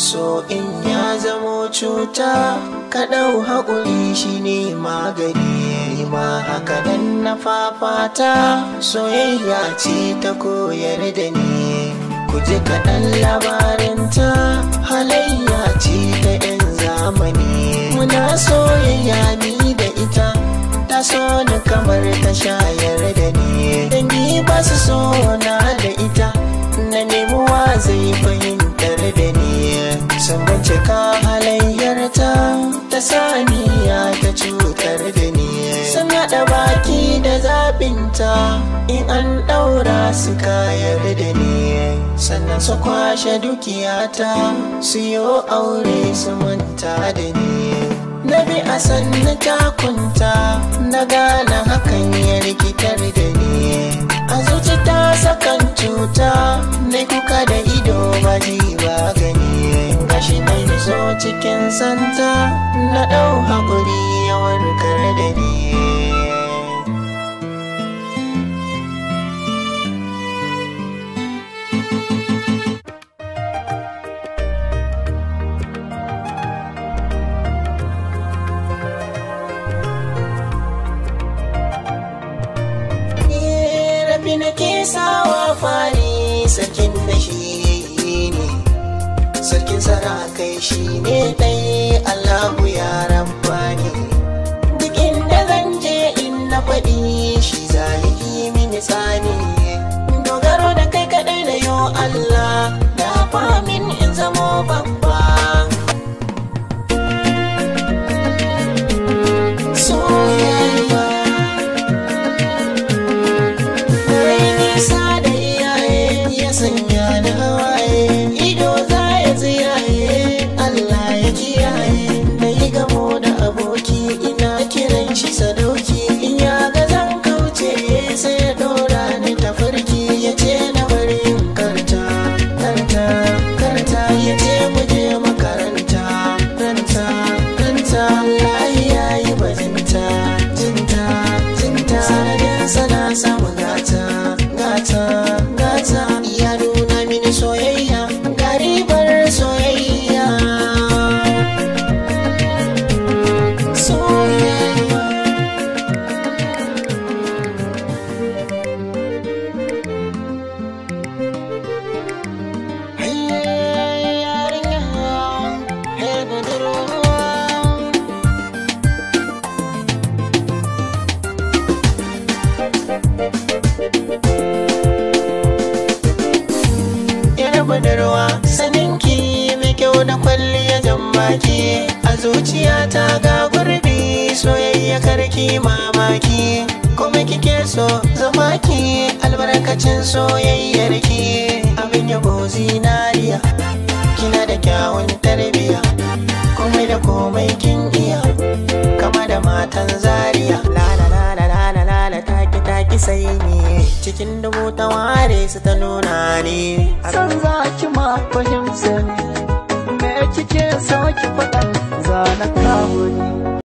so in ya zamo cuta kaɗau ɗau haƙuri shi ne magani ma haka ɗan na fafata soyayya ce ta koyar da ni ku ji kaɗan labarinta halayya ce ta 'yan zamani muna soyayya ni da ita ta so ni kamar ta shayar da ni ba su so na cika halayyarta ta saniya ta cutar da ni sun haɗa baki da zaɓinta in an ɗaura su kayar da ni sannan su kwashe dukiyata su yi aure su manta da ni na bi a sannu takunta na gane hakan ya rikitar da ni a zuci ta sakan cuta na kuka da ido ba ji ba gani cikin santa na dau hakuri yawan kare da ni Nake sawa fa kai shi ne ɗai Allahu ruwa saninki mai kyau da kwalliya jan maki. a zuciya ta ga gurbi soyayya karki mamaki kuma kike so zama ki albarkacin soyayyarki abin yabo zinariya kina da kyawun tarbiya komai da komai kin iya kama da matan zaria taki sai ne cikin dubu ta ware su ta nuna ne. pues yo